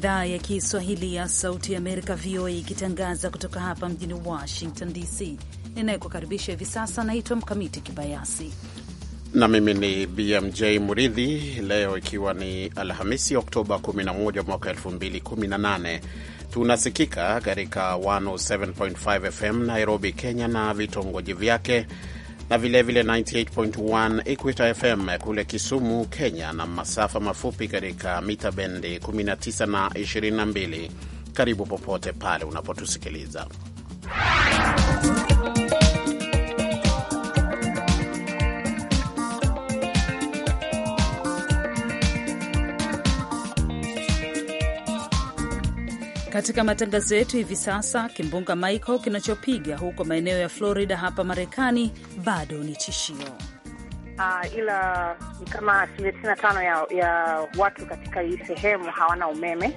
idhaa ya Kiswahili ya Sauti ya Amerika, VOA, ikitangaza kutoka hapa mjini Washington DC. Ninayekukaribisha hivi sasa naitwa Mkamiti Kibayasi na mimi ni BMJ Muridhi. Leo ikiwa ni Alhamisi, Oktoba 11 mwaka 2018, tunasikika katika 107.5 FM Nairobi, Kenya na vitongoji vyake na vilevile 98.1 Equita FM kule Kisumu, Kenya, na masafa mafupi katika mita bendi 19 na 22. Karibu popote pale unapotusikiliza Katika matangazo yetu hivi sasa, kimbunga Michael kinachopiga huko maeneo ya Florida hapa Marekani bado ni tishio. Uh, ila ni kama asilimia tisini na tano ya, ya watu katika hii sehemu hawana umeme.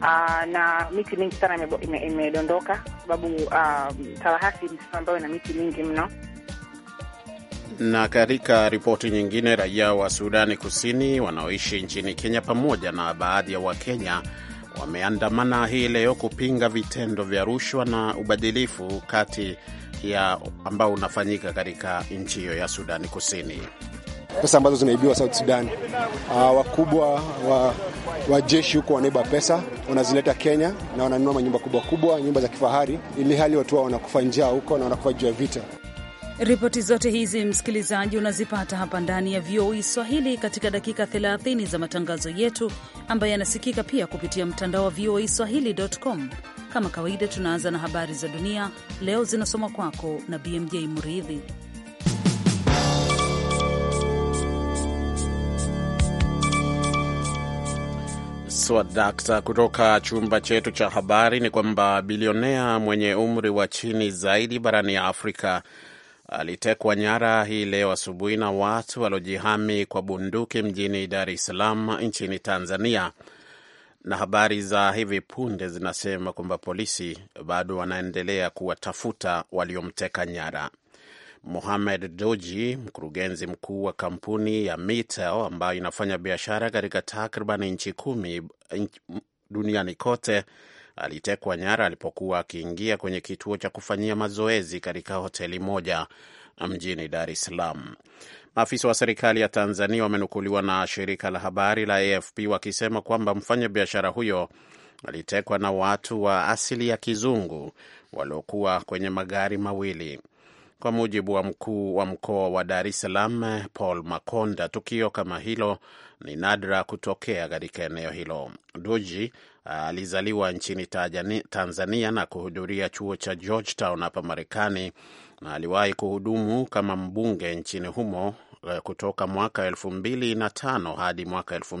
Uh, na miti mingi sana imedondoka ime, ime sababu uh, Tallahassee ni sehemu ambayo ina miti mingi mno. Na katika ripoti nyingine, raia wa Sudani Kusini wanaoishi nchini Kenya pamoja na baadhi ya Wakenya wameandamana hii leo kupinga vitendo vya rushwa na ubadilifu kati ya ambao unafanyika katika nchi hiyo ya Sudani Kusini. Pesa ambazo zinaibiwa South Sudan, uh, wakubwa wa, wa jeshi huko wanaiba pesa wanazileta Kenya na wananunua manyumba kubwa kubwa, nyumba za kifahari, ili hali watu wao wanakufa njaa huko na wanakufa juu ya vita. Ripoti zote hizi msikilizaji, unazipata hapa ndani ya VOA e Swahili katika dakika 30 za matangazo yetu ambayo yanasikika pia kupitia mtandao wa VOA e Swahili.com. Kama kawaida, tunaanza na habari za dunia leo, zinasoma kwako na BMJ Muridhi. Swadakta kutoka chumba chetu cha habari ni kwamba bilionea mwenye umri wa chini zaidi barani ya Afrika alitekwa nyara hii leo asubuhi na watu waliojihami kwa bunduki mjini Dar es Salaam nchini Tanzania, na habari za hivi punde zinasema kwamba polisi bado wanaendelea kuwatafuta waliomteka nyara. Mohamed Doji, mkurugenzi mkuu wa kampuni ya Mitel ambayo inafanya biashara katika takriban nchi kumi duniani kote alitekwa nyara alipokuwa akiingia kwenye kituo cha kufanyia mazoezi katika hoteli moja mjini Dar es Salaam. Maafisa wa serikali ya Tanzania wamenukuliwa na shirika la habari la AFP wakisema kwamba mfanyabiashara huyo alitekwa na watu wa asili ya kizungu waliokuwa kwenye magari mawili. Kwa mujibu wa mkuu wa mkoa wa Dar es Salaam Paul Makonda, tukio kama hilo ni nadra kutokea katika eneo hilo. Duji Alizaliwa nchini Tanzania na kuhudhuria chuo cha Georgetown hapa Marekani na aliwahi kuhudumu kama mbunge nchini humo eh, kutoka mwaka elfu hadi mwaka elfu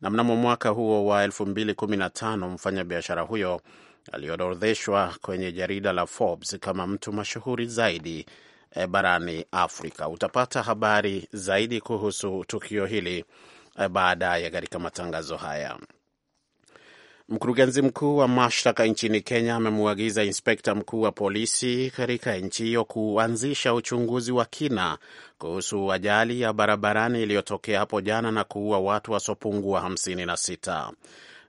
na mnamo mwaka huo wa 215 mfanyabiashara huyo aliorodheshwa kwenye jarida la Forbes kama mtu mashuhuri zaidi eh, barani Afrika. Utapata habari zaidi kuhusu tukio hili Eh, baadaye katika matangazo haya. Mkurugenzi mkuu wa mashtaka nchini Kenya amemwagiza inspekta mkuu wa polisi katika nchi hiyo kuanzisha uchunguzi wa kina kuhusu ajali ya barabarani iliyotokea hapo jana na kuua watu wasiopungua wa 56.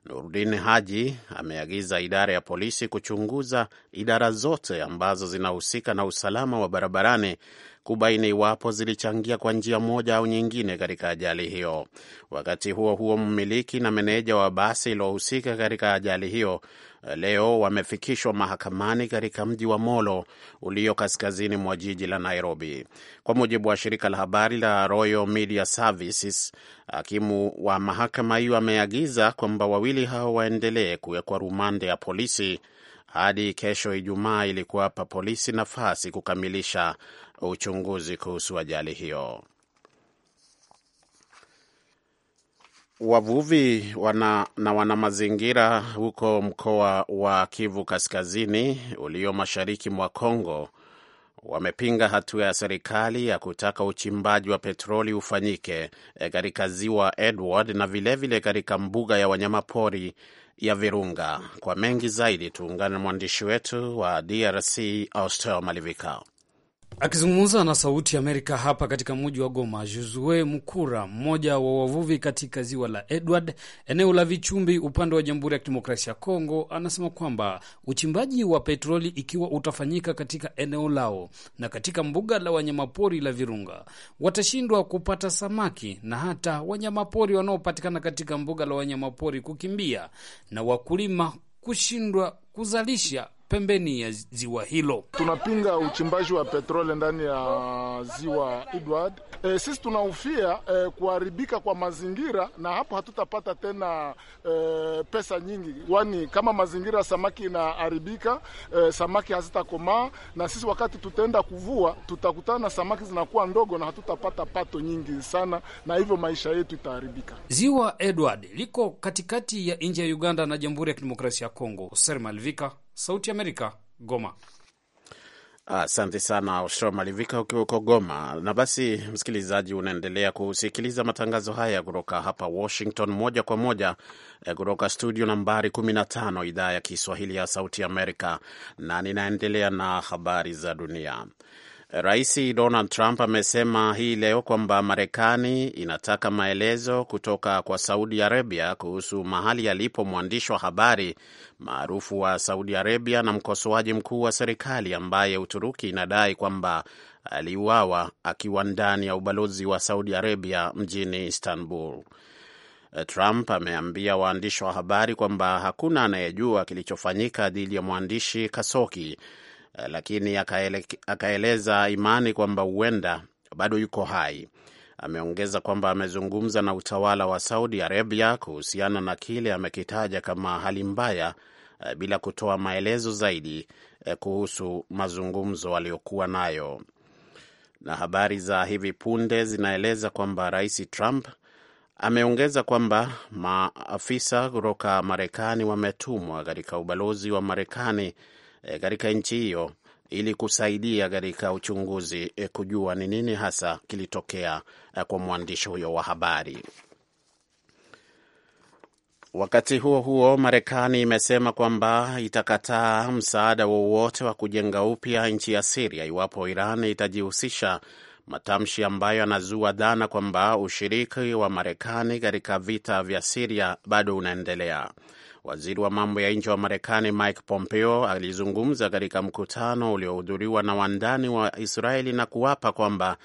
Nurudin Haji ameagiza idara ya polisi kuchunguza idara zote ambazo zinahusika na usalama wa barabarani kubaini iwapo zilichangia kwa njia moja au nyingine katika ajali hiyo. Wakati huo huo, mmiliki na meneja wa basi iliohusika katika ajali hiyo leo wamefikishwa mahakamani katika mji wa Molo ulio kaskazini mwa jiji la Nairobi. Kwa mujibu wa shirika la habari la Royal Media Services, hakimu wa mahakama hiyo ameagiza kwamba wawili hao waendelee kuwekwa rumande ya polisi hadi kesho Ijumaa ili kuwapa polisi nafasi kukamilisha uchunguzi kuhusu ajali hiyo. Wavuvi wana, na wanamazingira huko mkoa wa Kivu Kaskazini ulio mashariki mwa congo wamepinga hatua ya serikali ya kutaka uchimbaji wa petroli ufanyike eh, katika ziwa Edward na vilevile katika mbuga ya wanyamapori ya Virunga. Kwa mengi zaidi, tuungane na mwandishi wetu wa DRC Austel Malivika. Akizungumza na Sauti Amerika hapa katika mji wa Goma, Josue mkura mmoja wa wavuvi katika ziwa la Edward, eneo la Vichumbi, upande wa Jamhuri ya Kidemokrasia ya Kongo, anasema kwamba uchimbaji wa petroli ikiwa utafanyika katika eneo lao na katika mbuga la wanyamapori la Virunga, watashindwa kupata samaki na hata wanyamapori wanaopatikana katika mbuga la wanyamapori kukimbia na wakulima kushindwa kuzalisha pembeni ya ziwa hilo. Tunapinga uchimbaji wa petroli ndani ya ziwa Edward. E, sisi tunahofia e, kuharibika kwa mazingira na hapo hatutapata tena e, pesa nyingi, kwani kama mazingira ya samaki inaharibika, e, samaki hazitakomaa, na sisi wakati tutaenda kuvua tutakutana na samaki zinakuwa ndogo na hatutapata pato nyingi sana, na hivyo maisha yetu itaharibika. Ziwa Edward liko katikati ya nchi ya Uganda na Jamhuri ya Kidemokrasia ya Kongo. Hoser Malvika, Sauti Amerika, Goma. Asante sana Osho Malivika ukiwa huko Goma. Na basi, msikilizaji, unaendelea kusikiliza matangazo haya kutoka hapa Washington, moja kwa moja eh, kutoka studio nambari 15 idhaa ya Kiswahili ya Sauti Amerika, na ninaendelea na habari za dunia. Rais Donald Trump amesema hii leo kwamba Marekani inataka maelezo kutoka kwa Saudi Arabia kuhusu mahali alipo mwandishi wa habari maarufu wa Saudi Arabia na mkosoaji mkuu wa serikali ambaye Uturuki inadai kwamba aliuawa akiwa ndani ya ubalozi wa Saudi Arabia mjini Istanbul. Trump ameambia waandishi wa habari kwamba hakuna anayejua kilichofanyika dhidi ya mwandishi Kasoki Eh, lakini akaele, akaeleza imani kwamba huenda bado yuko hai. Ameongeza kwamba amezungumza na utawala wa Saudi Arabia kuhusiana na kile amekitaja kama hali mbaya eh, bila kutoa maelezo zaidi eh, kuhusu mazungumzo aliyokuwa nayo. Na habari za hivi punde zinaeleza kwamba Rais Trump ameongeza kwamba maafisa kutoka Marekani wametumwa katika ubalozi wa Marekani Eh, katika nchi hiyo ili kusaidia katika uchunguzi e, kujua ni nini hasa kilitokea e, kwa mwandishi huyo wa habari. Wakati huo huo, Marekani imesema kwamba itakataa msaada wowote wa kujenga upya nchi ya Siria iwapo Iran itajihusisha, matamshi ambayo yanazua dhana kwamba ushiriki wa Marekani katika vita vya Siria bado unaendelea. Waziri wa mambo ya nje wa Marekani Mike Pompeo alizungumza katika mkutano uliohudhuriwa na wandani wa Israeli na kuwapa kwamba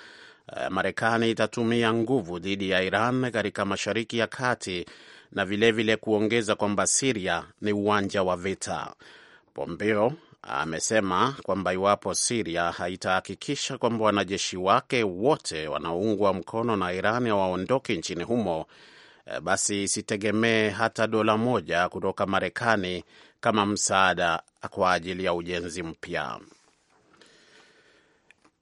eh, Marekani itatumia nguvu dhidi ya Iran katika Mashariki ya Kati na vilevile vile kuongeza kwamba Siria ni uwanja wa vita. Pompeo amesema kwamba iwapo Siria haitahakikisha kwamba wanajeshi wake wote wanaoungwa mkono na Iran hawaondoki nchini humo Eh, basi isitegemee hata dola moja kutoka Marekani kama msaada kwa ajili ya ujenzi mpya.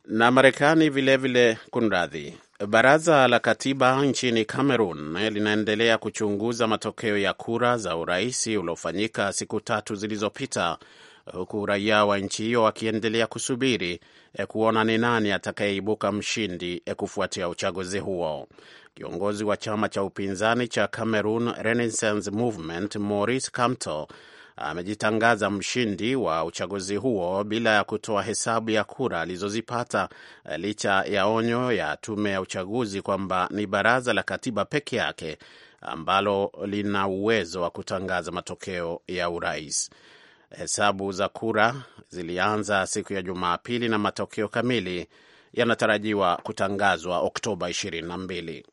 Na Marekani vilevile, kunradhi, Baraza la Katiba nchini Cameroon linaendelea kuchunguza matokeo ya kura za urais uliofanyika siku tatu zilizopita huku raia wa nchi hiyo wakiendelea kusubiri e, kuona ni nani atakayeibuka mshindi e, kufuatia uchaguzi huo. Kiongozi wa chama cha upinzani cha Cameroon Renaissance Movement Maurice Kamto amejitangaza mshindi wa uchaguzi huo bila ya kutoa hesabu ya kura alizozipata, eh, licha ya onyo ya tume ya uchaguzi kwamba ni baraza la katiba peke yake ambalo lina uwezo wa kutangaza matokeo ya urais. Hesabu za kura zilianza siku ya Jumapili na matokeo kamili yanatarajiwa kutangazwa Oktoba 22.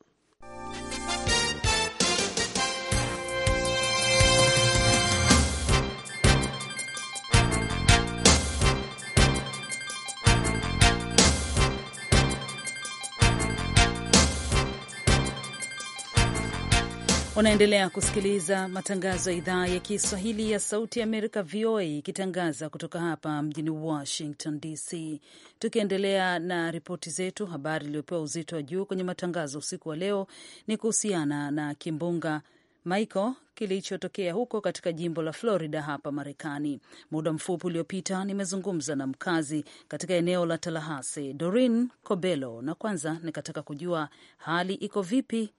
Unaendelea kusikiliza matangazo ya idhaa ya Kiswahili ya Sauti ya Amerika, VOA, ikitangaza kutoka hapa mjini Washington DC. Tukiendelea na ripoti zetu, habari iliyopewa uzito wa juu kwenye matangazo usiku wa leo ni kuhusiana na kimbunga Michael kilichotokea huko katika jimbo la Florida hapa Marekani. Muda mfupi uliopita nimezungumza na mkazi katika eneo la Tallahassee, Doreen cobelo na kwanza nikataka kujua hali iko vipi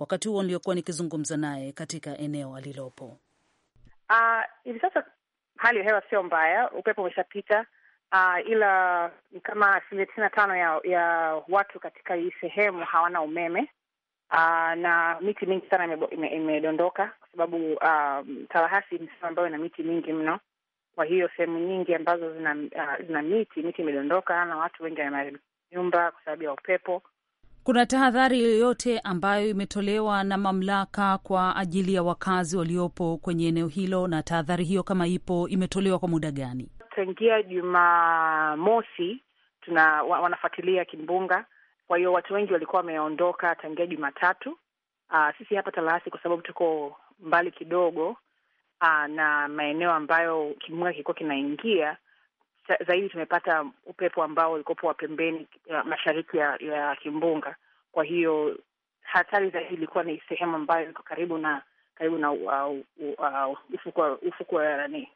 wakati huo niliokuwa nikizungumza naye katika eneo alilopo. Uh, sasa hali ya hewa sio mbaya, upepo umeshapita. Uh, ila kama asilimia tisini na tano ya, ya watu katika hii sehemu hawana umeme uh, na miti mingi sana imedondoka ime, ime kwa sababu uh, Tallahassee ni sehemu ambayo ina miti mingi mno. Kwa hiyo sehemu nyingi ambazo zina, uh, zina miti miti imedondoka na watu wengi wana nyumba kwa sababu ya upepo. Kuna tahadhari yoyote ambayo imetolewa na mamlaka kwa ajili ya wakazi waliopo kwenye eneo hilo? Na tahadhari hiyo kama ipo, imetolewa kwa muda gani? Tangia Jumamosi tuna wa, wanafuatilia kimbunga, kwa hiyo watu wengi walikuwa wameondoka tangia Jumatatu. Uh, sisi hapa Talahasi kwa sababu tuko mbali kidogo uh, na maeneo ambayo kimbunga kilikuwa kinaingia zaidi tumepata upepo ambao ulikopo wa pembeni ya mashariki ya, ya kimbunga. Kwa hiyo hatari zaidi ilikuwa ni sehemu ambayo iko karibu na karibu na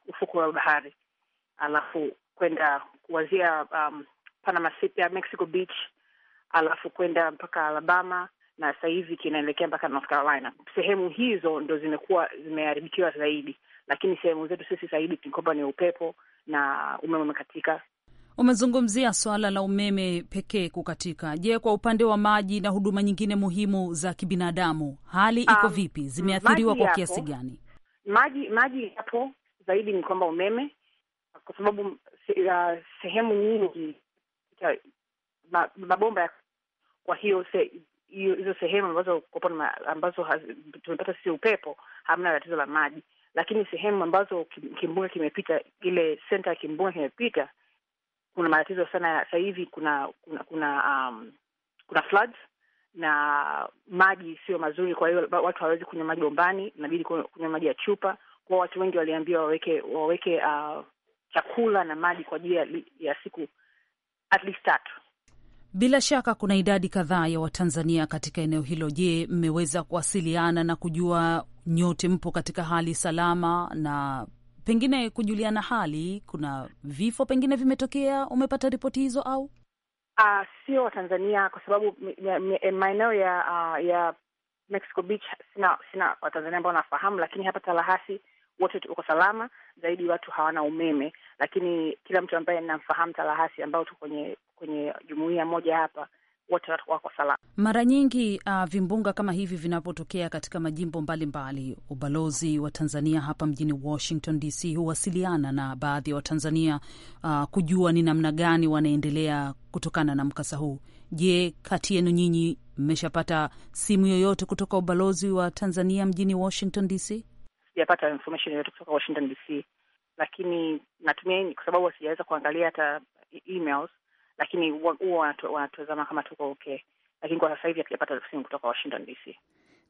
ufuko wa bahari, alafu kwenda kuwazia um, Panama City, Mexico Beach, alafu kwenda mpaka Alabama na sasa hivi kinaelekea mpaka North Carolina. Sehemu hizo ndo zimekuwa zimeharibikiwa zaidi, lakini sehemu zetu sisi zaidi tukopa ni upepo na umeme umekatika. Umezungumzia swala la umeme pekee kukatika. Je, kwa upande wa maji na huduma nyingine muhimu za kibinadamu hali iko um, vipi? Zimeathiriwa kwa kiasi gani? Maji maji yapo zaidi ni kwamba umeme, kwa sababu uh, sehemu nyingi mabomba ya kwa hiyo se, hizo sehemu ambazo ambazo tumepata sisi upepo hamna tatizo la maji, lakini sehemu ambazo kimbunga kimepita, ile senta ya kimbunga kimepita, kuna matatizo sana sasa hivi. Kuna kuna kuna, um, kuna floods na maji sio mazuri, kwa hiyo watu hawawezi kunywa maji bombani, inabidi kunywa maji ya chupa. kwao watu wengi waliambiwa waweke waweke uh, chakula na maji kwa ajili ya siku at least tatu bila shaka kuna idadi kadhaa ya Watanzania katika eneo hilo. Je, mmeweza kuwasiliana na kujua nyote mpo katika hali salama na pengine kujuliana hali? Kuna vifo pengine vimetokea, umepata ripoti hizo au uh, sio Watanzania? Kwa sababu eh, maeneo ya uh, ya Mexico Beach sina sina Watanzania ambao wanafahamu, lakini hapa Talahasi wote tuko salama zaidi, watu hawana umeme, lakini kila mtu ambaye namfahamu Talahasi ambao tu kwenye kwenye jumuiya moja hapa wote wako salama. Mara nyingi uh, vimbunga kama hivi vinapotokea katika majimbo mbalimbali mbali. Ubalozi wa Tanzania hapa mjini Washington DC huwasiliana na baadhi ya wa Watanzania uh, kujua ni namna gani wanaendelea kutokana na mkasa huu. Je, kati yenu nyinyi mmeshapata simu yoyote kutoka ubalozi wa Tanzania mjini Washington DC? Sijapata information yoyote kutoka Washington DC, lakini natumia kwa sababu sijaweza kuangalia hata e-, emails lakini huwa wanatazama kama tuko okay, lakini kwa sasa hivi hatujapata simu kutoka Washington DC.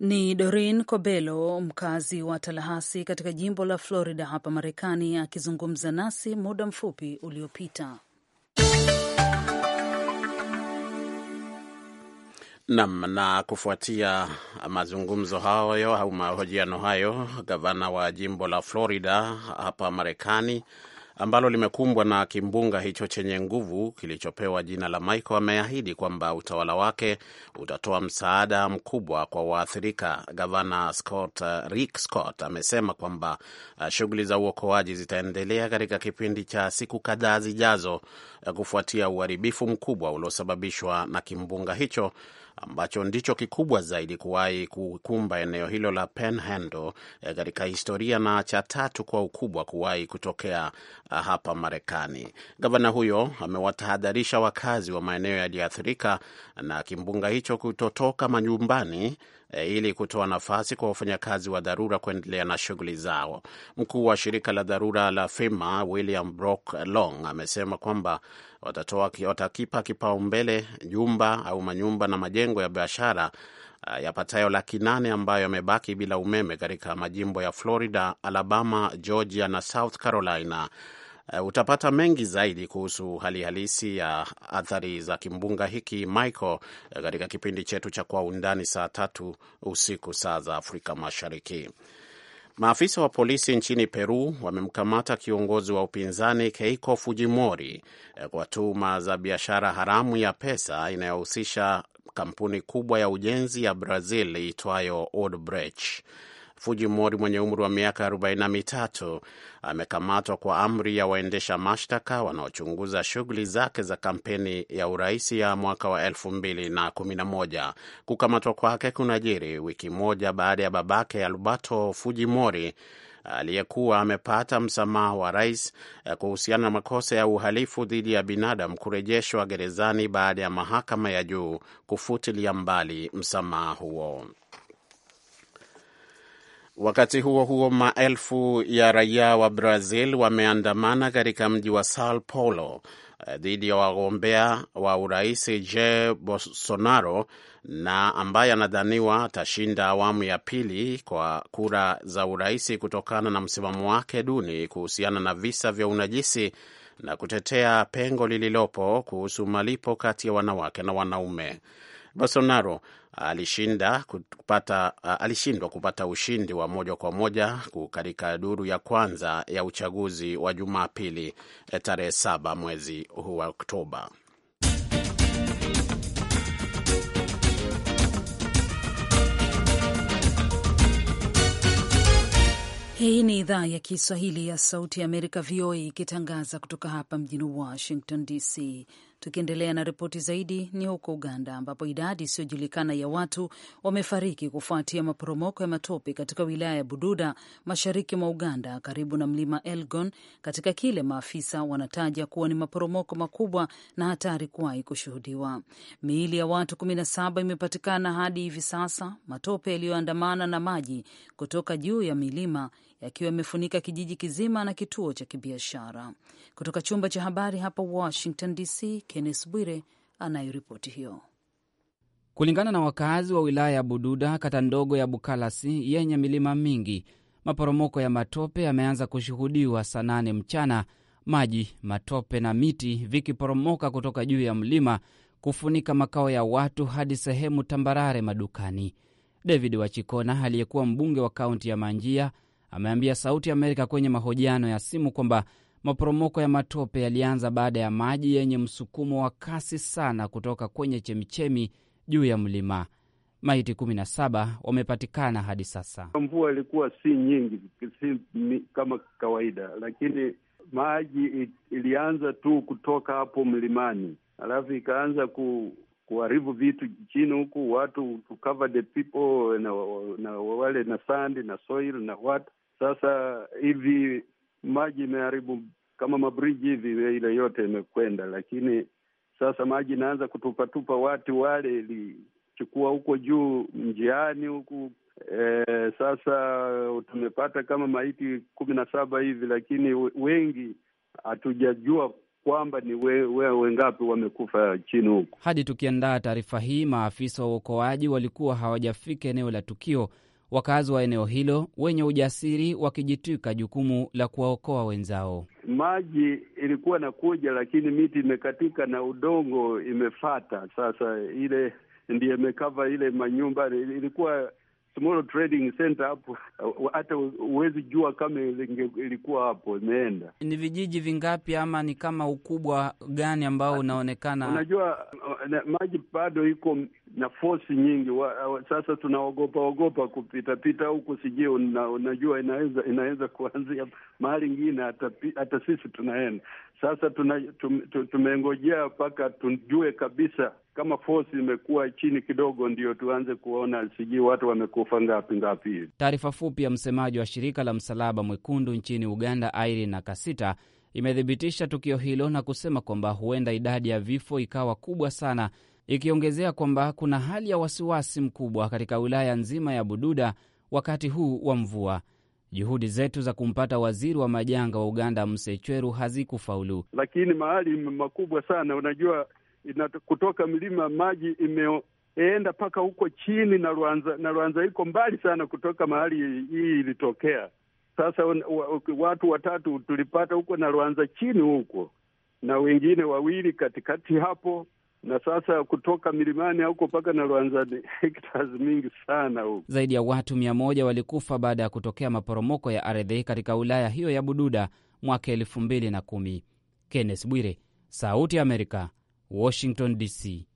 Ni Doreen Kobelo, mkazi wa talahasi katika jimbo la Florida hapa Marekani, akizungumza nasi muda mfupi uliopita. Nam. Na kufuatia mazungumzo hayo au mahojiano hayo, gavana wa jimbo la Florida hapa Marekani ambalo limekumbwa na kimbunga hicho chenye nguvu kilichopewa jina la Michael, ameahidi kwamba utawala wake utatoa msaada mkubwa kwa waathirika. Gavana Scott, uh, Rick Scott amesema kwamba uh, shughuli za uokoaji zitaendelea katika kipindi cha siku kadhaa zijazo uh, kufuatia uharibifu mkubwa uliosababishwa na kimbunga hicho ambacho ndicho kikubwa zaidi kuwahi kukumba eneo hilo la Panhandle eh, katika historia na cha tatu kwa ukubwa kuwahi kutokea ah, hapa Marekani. Gavana huyo amewatahadharisha wakazi wa maeneo yaliyoathirika na kimbunga hicho kutotoka manyumbani eh, ili kutoa nafasi kwa wafanyakazi wa dharura kuendelea na shughuli zao. Mkuu wa shirika la dharura la FEMA William Brock Long amesema kwamba watatoa, watakipa kipaumbele nyumba au manyumba na majengo ya biashara uh, yapatayo laki nane ambayo yamebaki bila umeme katika majimbo ya Florida, Alabama, Georgia na South Carolina. Uh, utapata mengi zaidi kuhusu hali halisi ya athari za kimbunga hiki Michael katika kipindi chetu cha Kwa Undani saa tatu usiku saa za Afrika Mashariki. Maafisa wa polisi nchini Peru wamemkamata kiongozi wa upinzani Keiko Fujimori eh, kwa tuhuma za biashara haramu ya pesa inayohusisha kampuni kubwa ya ujenzi ya Brazil iitwayo Odebrecht. Fujimori mwenye umri wa miaka 43 amekamatwa kwa amri ya waendesha mashtaka wanaochunguza shughuli zake za kampeni ya urais ya mwaka wa 211 Kukamatwa kwake kunajiri wiki moja baada ya babake Alberto Fujimori aliyekuwa amepata msamaha wa rais eh, kuhusiana na makosa ya uhalifu dhidi ya binadamu kurejeshwa gerezani baada ya mahakama ya juu kufutilia mbali msamaha huo. Wakati huo huo, maelfu ya raia wa Brazil wameandamana katika mji wa Sao Paulo eh, dhidi ya wagombea wa urais Jair Bolsonaro na ambaye anadhaniwa atashinda awamu ya pili kwa kura za urais kutokana na msimamo wake duni kuhusiana na visa vya unajisi na kutetea pengo lililopo kuhusu malipo kati ya wanawake na wanaume. Bolsonaro alishinda kupata, uh, alishindwa kupata ushindi wa moja kwa moja katika duru ya kwanza ya uchaguzi wa Jumapili eh, tarehe saba mwezi huu wa Oktoba. Hii ni idhaa ya Kiswahili ya Sauti ya Amerika, VOA, ikitangaza kutoka hapa mjini Washington DC. Tukiendelea na ripoti zaidi, ni huko Uganda ambapo idadi isiyojulikana ya watu wamefariki kufuatia maporomoko ya matope katika wilaya ya Bududa, mashariki mwa Uganda, karibu na mlima Elgon, katika kile maafisa wanataja kuwa ni maporomoko makubwa na hatari kuwahi kushuhudiwa. Miili ya watu 17 imepatikana hadi hivi sasa, matope yaliyoandamana na maji kutoka juu ya milima yakiwa yamefunika kijiji kizima na kituo cha kibiashara. Kutoka chumba cha habari hapa Washington DC, Kenneth Bwire anayeripoti hiyo. Kulingana na wakazi wa wilaya ya Bududa, kata ndogo ya Bukalasi yenye milima mingi, maporomoko ya matope yameanza kushuhudiwa saa nane mchana, maji, matope na miti vikiporomoka kutoka juu ya mlima kufunika makao ya watu hadi sehemu tambarare madukani. David Wachikona aliyekuwa mbunge wa kaunti ya Manjia ameambia Sauti Amerika kwenye mahojiano ya simu kwamba maporomoko ya matope yalianza baada ya maji yenye msukumo wa kasi sana kutoka kwenye chemichemi juu ya mlima. Maiti kumi na saba wamepatikana hadi sasa. Mvua ilikuwa si nyingi, si kama kawaida, lakini maji ilianza tu kutoka hapo mlimani, alafu ikaanza ku kuharibu vitu chini huku, watu to cover the people na, na wale na sandi na soil na watu sasa hivi maji imeharibu kama mabriji hivi, ile yote imekwenda, lakini sasa maji inaanza kutupatupa watu wale ilichukua huko juu mjiani huku e, sasa tumepata kama maiti kumi na saba hivi, lakini wengi hatujajua kwamba ni we, we, wengapi wamekufa chini huku. Hadi tukiandaa taarifa hii, maafisa wa uokoaji walikuwa hawajafika eneo la tukio wakazi wa eneo hilo wenye ujasiri wakijitwika jukumu la kuwaokoa wenzao. Maji ilikuwa nakuja, lakini miti imekatika na udongo imefata. Sasa ile ndiyo imekava ile manyumba, ilikuwa small trading center hapo, hata huwezi jua kama ilikuwa hapo imeenda. Ni vijiji vingapi ama ni kama ukubwa gani ambao unaonekana? Unajua maji bado iko na fosi nyingi wa, wa, sasa tunaogopa ogopa kupitapita huku, sijui una, unajua inaweza inaweza kuanzia mahali ingine hata sisi tunaenda sasa tuna, tum, tumengojea mpaka tujue kabisa kama fosi imekuwa chini kidogo, ndio tuanze kuona sijui watu wamekufa ngapi ngapi hivi. Taarifa fupi ya msemaji wa shirika la Msalaba Mwekundu nchini Uganda Irene kasita imethibitisha tukio hilo na kusema kwamba huenda idadi ya vifo ikawa kubwa sana ikiongezea kwamba kuna hali ya wasiwasi mkubwa katika wilaya nzima ya Bududa wakati huu wa mvua. Juhudi zetu za kumpata waziri wa majanga wa Uganda Msechweru hazikufaulu, lakini mahali makubwa sana, unajua ina kutoka milima maji imeenda mpaka huko chini na Rwanza, na Rwanza iko mbali sana kutoka mahali hii ilitokea. Sasa watu watatu tulipata huko na Rwanza chini huko na wengine wawili katikati hapo na sasa kutoka milimani huko mpaka na Rwanza ni hektas mingi sana huko. Zaidi ya watu mia moja walikufa baada ya kutokea maporomoko ya ardhi katika wilaya hiyo ya Bududa mwaka elfu mbili na kumi. Kenneth Bwire, Sauti ya Amerika, Washington DC.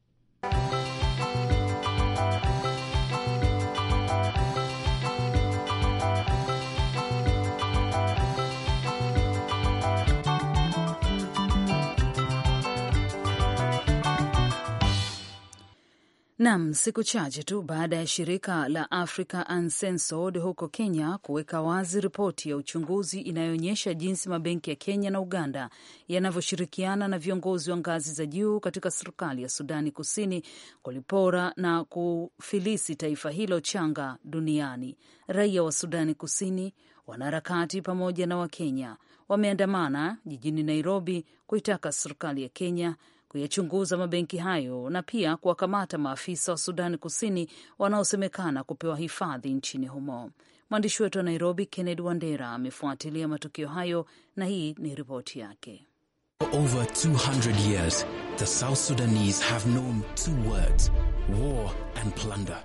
Nam, siku chache tu baada ya shirika la Africa Uncensored huko Kenya kuweka wazi ripoti ya uchunguzi inayoonyesha jinsi mabenki ya Kenya na Uganda yanavyoshirikiana na viongozi wa ngazi za juu katika serikali ya Sudani Kusini kulipora na kufilisi taifa hilo changa duniani, raia wa Sudani Kusini, wanaharakati pamoja na Wakenya wameandamana jijini Nairobi kuitaka serikali ya Kenya kuyachunguza mabenki hayo na pia kuwakamata maafisa wa Sudani Kusini wanaosemekana kupewa hifadhi nchini humo. Mwandishi wetu wa Nairobi, Kennedy Wandera, amefuatilia matukio hayo na hii ni ripoti yake. Over 200 years, the South Sudanese have known two words, war and plunder.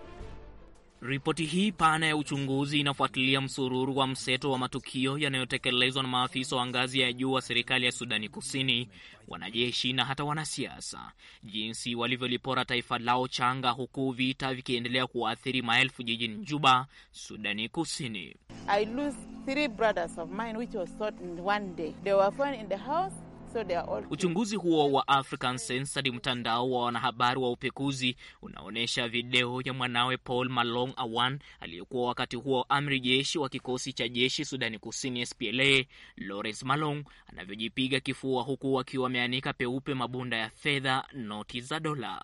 Ripoti hii pana ya uchunguzi inafuatilia msururu wa mseto wa matukio yanayotekelezwa na maafisa wa ngazi ya juu wa serikali ya Sudani Kusini, wanajeshi na hata wanasiasa, jinsi walivyolipora taifa lao changa, huku vita vikiendelea kuwaathiri maelfu jijini Juba, Sudani Kusini. I lose three brothers of mine which was shot in one day. They were found in the house. Uchunguzi huo wa African Sense mtandao wa wanahabari wa upekuzi unaonyesha video ya mwanawe Paul Malong Awan aliyekuwa wakati huo amri jeshi wa kikosi cha jeshi Sudani Kusini SPLA, Lawrence Malong anavyojipiga kifua huku akiwa ameanika peupe mabunda ya fedha, noti za dola.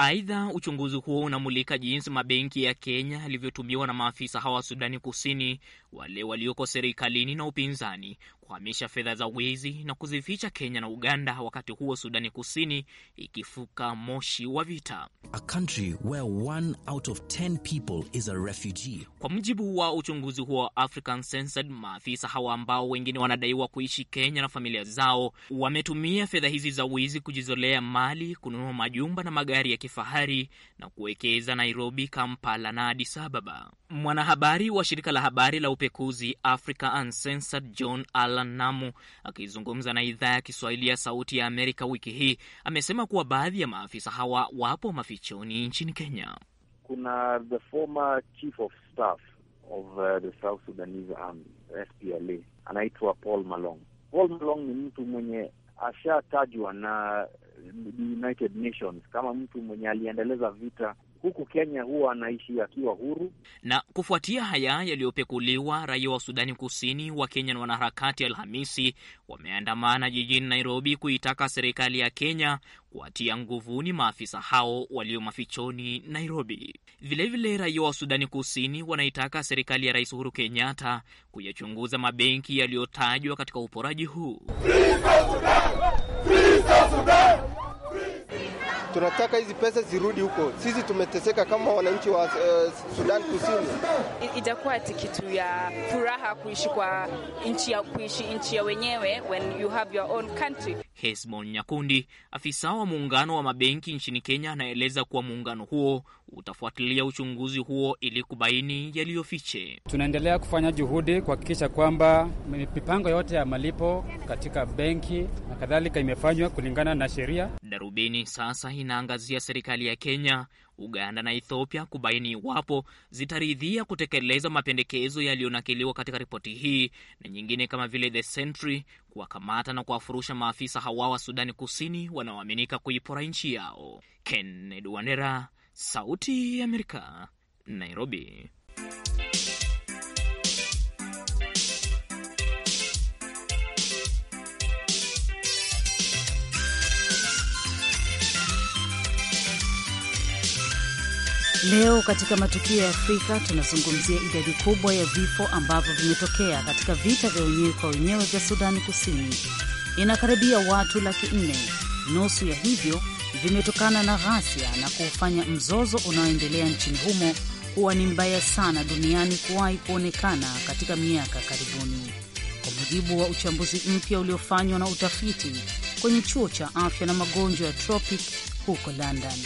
Aidha, uchunguzi huo unamulika jinsi mabenki ya Kenya yalivyotumiwa na maafisa hawa wa Sudani Kusini wale walioko serikalini na upinzani kuhamisha fedha za wizi na kuzificha Kenya na Uganda, wakati huo Sudani Kusini ikifuka moshi wa vita. A country where one out of ten people is a refugee. Kwa mujibu wa uchunguzi huo wa African maafisa hawa ambao wengine wanadaiwa kuishi Kenya na familia zao wametumia fedha hizi za wizi kujizolea mali, kununua majumba na magari ya kifahari na kuwekeza Nairobi, Kampala na Addis Ababa. Mwanahabari wa shirika la habari la upekuzi Africa Uncensored, John Alan Namu akizungumza na idhaa ya Kiswahili ya Sauti ya Amerika wiki hii amesema kuwa baadhi ya maafisa hawa wapo mafichoni nchini Kenya. Kuna the former chief of staff of uh, the South Sudanese Army, SPLA, anaitwa Paul Malong. Paul Malong ni mtu mwenye ashatajwa na United Nations kama mtu mwenye aliendeleza vita huku Kenya huwa anaishi akiwa huru. Na kufuatia haya yaliyopekuliwa, raia wa Sudani Kusini wa Kenya na wanaharakati Alhamisi wameandamana jijini Nairobi kuitaka serikali ya Kenya kuwatia nguvuni maafisa hao walio mafichoni Nairobi. Vilevile, raia wa Sudani Kusini wanaitaka serikali ya Rais Uhuru Kenyatta kuyachunguza mabenki yaliyotajwa katika uporaji huu. Free South Sudan! Free South Sudan! tunataka hizi pesa zirudi huko. Sisi tumeteseka kama wananchi wa uh, Sudan Kusini. Itakuwa ati kitu ya furaha kuishi kwa nchi ya kuishi nchi ya wenyewe when you have your own country. Hesbon Nyakundi, afisa wa muungano wa mabenki nchini Kenya, anaeleza kuwa muungano huo utafuatilia uchunguzi huo ili kubaini yaliyofiche. Tunaendelea kufanya juhudi kuhakikisha kwamba mipango yote ya malipo katika benki na kadhalika imefanywa kulingana na sheria. Darubini sasa inaangazia serikali ya Kenya, Uganda na Ethiopia kubaini iwapo zitaridhia kutekeleza mapendekezo yaliyonakiliwa katika ripoti hii na nyingine kama vile The Sentry kuwakamata na kuwafurusha maafisa hawa wa Sudani Kusini wanaoaminika kuipora nchi yao. Kennedy Wandera, Sauti ya Amerika, Nairobi. Leo katika matukio ya Afrika tunazungumzia idadi kubwa ya vifo ambavyo vimetokea katika vita vya wenyewe kwa wenyewe vya Sudani Kusini. Inakaribia watu laki nne, nusu ya hivyo vimetokana na ghasia na kuufanya mzozo unaoendelea nchini humo kuwa ni mbaya sana duniani kuwahi kuonekana katika miaka karibuni, kwa mujibu wa uchambuzi mpya uliofanywa na utafiti kwenye chuo cha afya na magonjwa ya tropic huko London.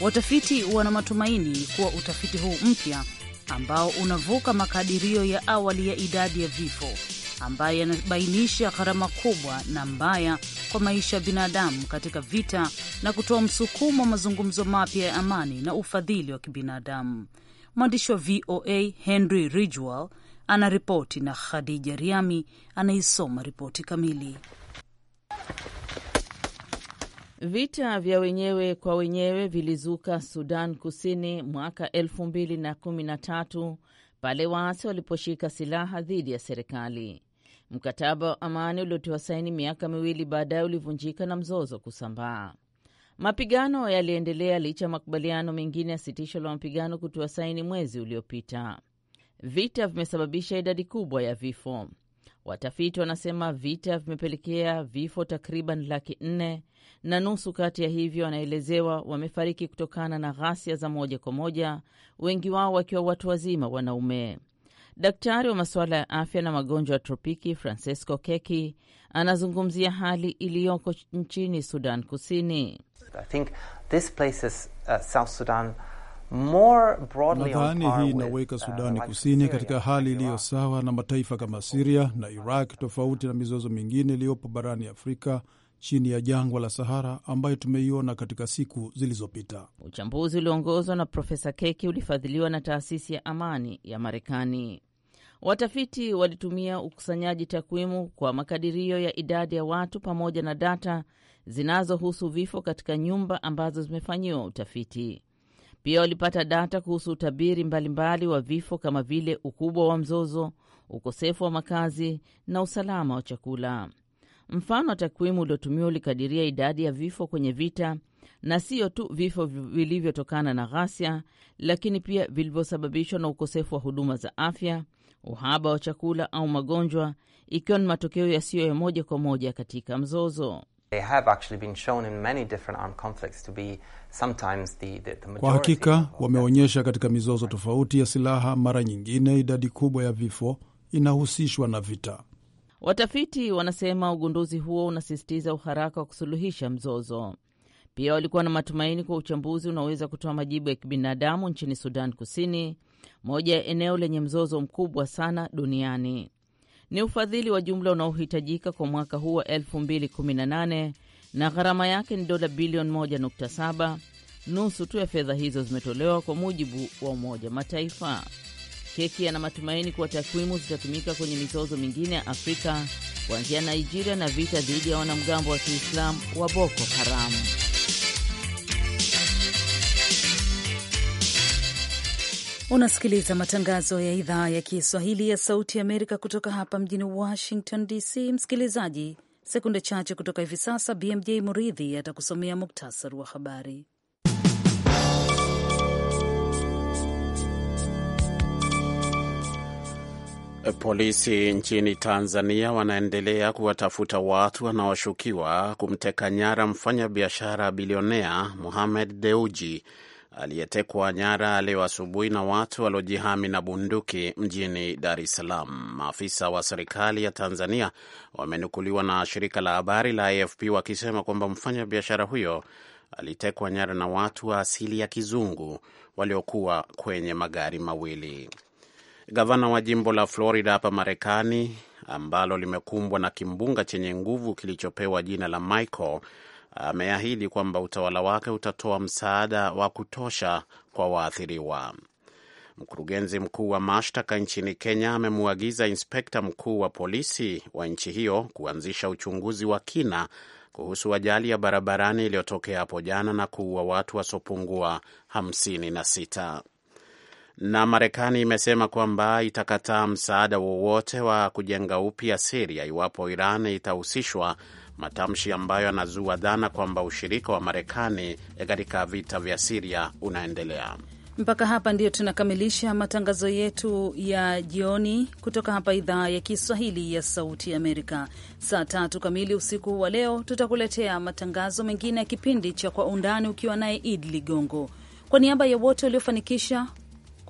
Watafiti wana matumaini kuwa utafiti huu mpya ambao unavuka makadirio ya awali ya idadi ya vifo ambaye yanabainisha gharama kubwa na mbaya kwa maisha ya binadamu katika vita na kutoa msukumo wa mazungumzo mapya ya amani na ufadhili wa kibinadamu. Mwandishi wa VOA Henry Ridgwell anaripoti na Khadija Riami anaisoma ripoti kamili. Vita vya wenyewe kwa wenyewe vilizuka Sudan Kusini mwaka elfu mbili na kumi na tatu pale waasi waliposhika silaha dhidi ya serikali. Mkataba wa amani uliotiwa saini miaka miwili baadaye ulivunjika na mzozo kusambaa. Mapigano yaliendelea licha ya makubaliano mengine ya sitisho la mapigano kutiwa saini mwezi uliopita. Vita vimesababisha idadi kubwa ya vifo. Watafiti wanasema vita vimepelekea vifo takriban laki nne na nusu kati ya hivyo wanaelezewa wamefariki kutokana na ghasia za moja kwa moja, wengi wao wakiwa watu wazima wanaume. Daktari wa masuala ya afya na magonjwa ya tropiki Francesco Keki anazungumzia hali iliyoko nchini Sudan Kusini. Uh, Nadhani hii inaweka uh, Sudani Kusini katika hali iliyo sawa na mataifa kama Siria na Iraq, tofauti na mizozo mingine iliyopo barani Afrika chini ya jangwa la Sahara ambayo tumeiona katika siku zilizopita. Uchambuzi ulioongozwa na Profesa Keki ulifadhiliwa na taasisi ya amani ya Marekani. Watafiti walitumia ukusanyaji takwimu kwa makadirio ya idadi ya watu pamoja na data zinazohusu vifo katika nyumba ambazo zimefanyiwa utafiti. Pia walipata data kuhusu utabiri mbalimbali wa vifo kama vile ukubwa wa mzozo, ukosefu wa makazi na usalama wa chakula. Mfano wa takwimu uliotumiwa ulikadiria idadi ya vifo kwenye vita na siyo tu vifo vilivyotokana na ghasia, lakini pia vilivyosababishwa na ukosefu wa huduma za afya, uhaba wa chakula au magonjwa, ikiwa ni matokeo yasiyo ya moja kwa moja katika mzozo. Kwa hakika wameonyesha katika mizozo tofauti ya silaha, mara nyingine idadi kubwa ya vifo inahusishwa na vita. Watafiti wanasema ugunduzi huo unasisitiza uharaka wa kusuluhisha mzozo. Pia walikuwa na matumaini kwa uchambuzi unaoweza kutoa majibu ya kibinadamu nchini Sudan Kusini, moja ya eneo lenye mzozo mkubwa sana duniani. Ni ufadhili wa jumla unaohitajika kwa mwaka huu wa 2018 na gharama yake ni dola bilioni 1.7. Nusu tu ya fedha hizo zimetolewa kwa mujibu wa Umoja Mataifa. Keki yana matumaini kuwa takwimu zitatumika kwenye mizozo mingine ya Afrika kuanzia Nigeria na vita dhidi ya wanamgambo wa Kiislamu wa Boko Haram. Unasikiliza matangazo ya idhaa ya Kiswahili ya Sauti ya Amerika kutoka hapa mjini Washington DC. Msikilizaji, sekunde chache kutoka hivi sasa, BMJ Muridhi atakusomea muktasari wa habari. Polisi nchini Tanzania wanaendelea kuwatafuta watu wanaoshukiwa kumteka nyara mfanyabiashara bilionea Mohamed Deuji aliyetekwa nyara leo asubuhi na watu waliojihami na bunduki mjini Dar es Salaam. Maafisa wa serikali ya Tanzania wamenukuliwa na shirika la habari la AFP wakisema kwamba mfanyabiashara huyo alitekwa nyara na watu wa asili ya kizungu waliokuwa kwenye magari mawili. Gavana wa jimbo la Florida hapa Marekani ambalo limekumbwa na kimbunga chenye nguvu kilichopewa jina la Michael ameahidi kwamba utawala wake utatoa msaada wa kutosha kwa waathiriwa. Mkurugenzi mkuu wa mashtaka nchini Kenya amemwagiza inspekta mkuu wa polisi wa nchi hiyo kuanzisha uchunguzi wa kina kuhusu ajali ya barabarani iliyotokea hapo jana na kuua watu wasiopungua 56 na Marekani imesema kwamba itakataa msaada wowote wa kujenga upya Siria iwapo Iran itahusishwa, matamshi ambayo yanazua dhana kwamba ushirika wa Marekani katika vita vya Siria unaendelea. Mpaka hapa ndiyo tunakamilisha matangazo yetu ya jioni kutoka hapa idhaa ya Kiswahili ya Sauti Amerika. Saa tatu kamili usiku wa leo tutakuletea matangazo mengine ya kipindi cha Kwa Undani ukiwa naye Id Ligongo. Kwa niaba ya wote waliofanikisha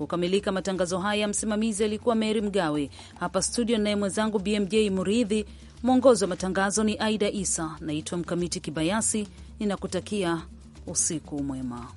Kukamilika matangazo haya, msimamizi alikuwa Meri Mgawe, hapa studio naye mwenzangu BMJ Muridhi. Mwongozi wa matangazo ni Aida Isa. Naitwa Mkamiti Kibayasi, ninakutakia usiku mwema.